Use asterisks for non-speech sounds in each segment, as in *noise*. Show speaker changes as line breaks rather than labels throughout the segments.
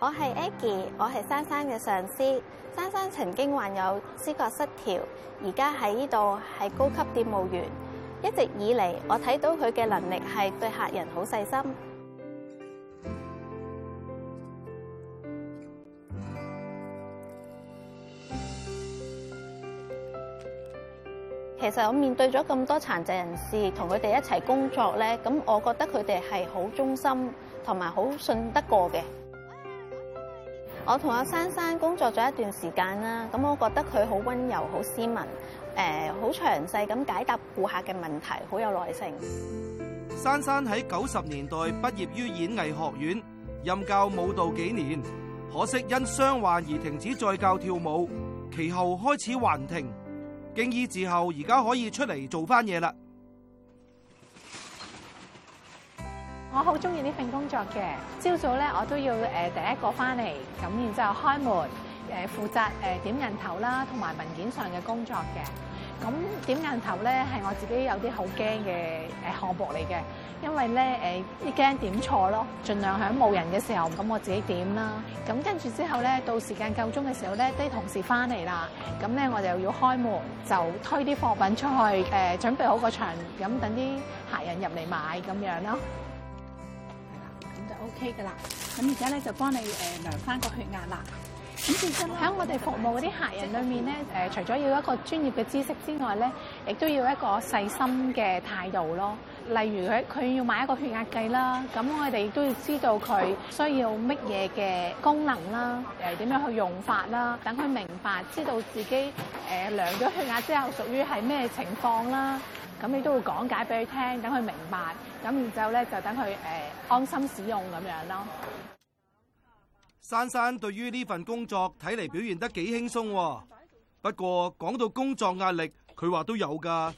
我係 Aggie，我係珊珊嘅上司。珊珊曾經患有思覺失調，而家喺呢度係高級店務員。一直以嚟，我睇到佢嘅能力係對客人好細心。 *music* 其實我面對咗咁多殘疾人士，同佢哋一齊工作咧，咁我覺得佢哋係好忠心，同埋好信得過嘅。我同阿珊珊工作咗一段時間啦，咁我覺得佢好溫柔、好斯文，誒、呃、好詳細咁解答顧客嘅問題，好有耐性。
珊珊喺九十年代畢業於演藝學院，任教舞蹈幾年，可惜因傷患而停止再教跳舞，其後開始幻聽，經醫治後而家可以出嚟做返嘢啦。我好中意呢份工作嘅。朝早咧，我都要誒、呃、第一個翻嚟，咁然之後開門誒，負、呃、責誒、呃、點銀頭啦，同埋文件上嘅工作嘅。咁點銀頭咧，係我自己有啲好驚嘅誒，汗薄嚟嘅，因為咧誒，啲、呃、驚點錯咯，儘量喺冇人嘅時候咁我自己點啦。咁跟住之後咧，到時間夠鐘嘅時候咧，啲同事翻嚟啦，咁咧我就要開門，就推啲貨品出去誒、呃，準備好個場，咁等啲客人入嚟買咁樣咯。就 OK 噶啦，咁而家咧就幫你誒、呃、量翻個血壓啦。咁其實喺我哋服務嗰啲客人裏面咧，誒、呃、除咗要一個專業嘅知識之外咧，亦都要一個細心嘅態度咯。例如佢佢要買一個血壓計啦，咁我哋亦都要知道佢需要乜嘢嘅功能啦，誒點樣去用法啦，等佢明白知道自己誒、呃、量咗血壓之後屬於係咩情況啦。咁你都會講解俾佢聽，等佢明白，咁然之後咧就等佢誒安心使用咁樣咯。珊珊對於呢份工作睇嚟表現得幾輕鬆喎，不過講到工作壓力，佢話都有㗎。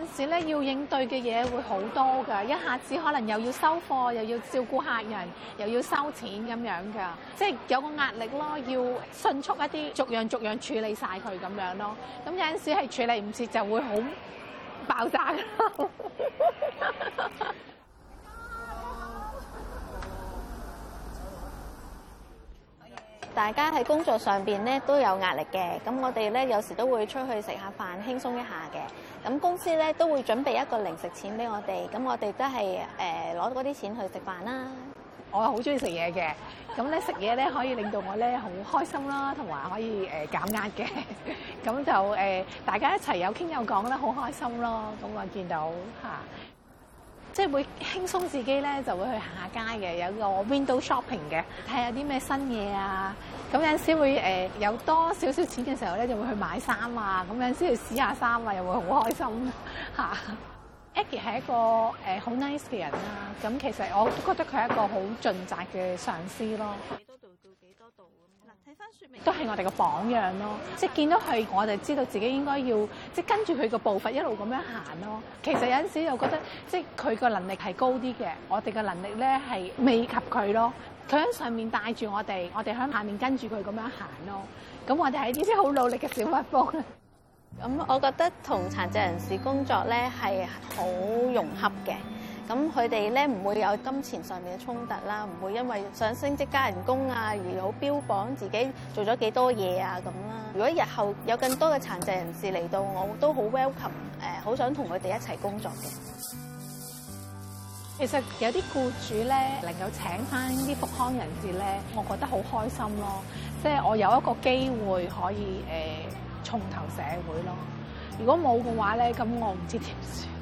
有陣時咧，要應對嘅嘢會好多噶，一下子可能又要收貨，又要照顧客人，又要收錢咁樣噶，即係有個壓力咯，要迅速一啲，逐樣逐樣處理晒佢咁樣咯。咁有陣時係處理唔切，就會好爆炸。 *laughs*
大家喺工作上邊咧都有壓力嘅，咁我哋咧有時都會出去食下飯，輕鬆一下嘅。咁公司咧都會準備一個零食錢俾我哋，咁我哋都係誒攞嗰啲錢去食飯啦。我好中意食嘢嘅，咁咧食嘢咧可以令到我咧好開心啦，同埋可以誒減壓嘅。
咁就誒、呃、大家一齊有傾有講咧，好開心咯。咁我見到嚇。啊。即係會輕鬆自己咧，就會去行下街嘅，有個 window shopping 嘅，睇下啲咩新嘢啊。咁有陣時會誒、呃、有多少少錢嘅時候咧，就會去買衫啊。咁有陣時去試下衫啊，又會好開心嚇。Aggie 係一個誒好、呃、nice 嘅人啦、啊。咁其實我覺得佢係一個好盡責嘅上司咯。都係我哋嘅榜樣咯，即係的見到佢，我就知道自己應該要即係、就是、跟住佢個步伐一路咁樣行咯。其實有陣時又覺得，即係佢個能力係高啲嘅，我哋嘅能力咧係未及佢咯。佢喺上面帶住我哋，我哋喺下面跟住佢咁樣行咯。咁我哋係啲好努力嘅
小蜜蜂。咁、嗯，我覺得同殘疾人士工作咧係好融洽嘅。咁佢哋咧唔會有金錢上面嘅衝突啦，唔會因為想升職加人工啊而好標榜自己做咗幾多嘢啊咁啦。如果日後有更多嘅殘疾人士嚟到，我都好 welcome，誒好想同佢哋一齊工作嘅。其實有啲僱主咧能夠請返啲復康
人士咧，我覺得好開心咯，即係我有一個機會可以誒重投社會咯。如果冇嘅話咧，咁我唔知點算。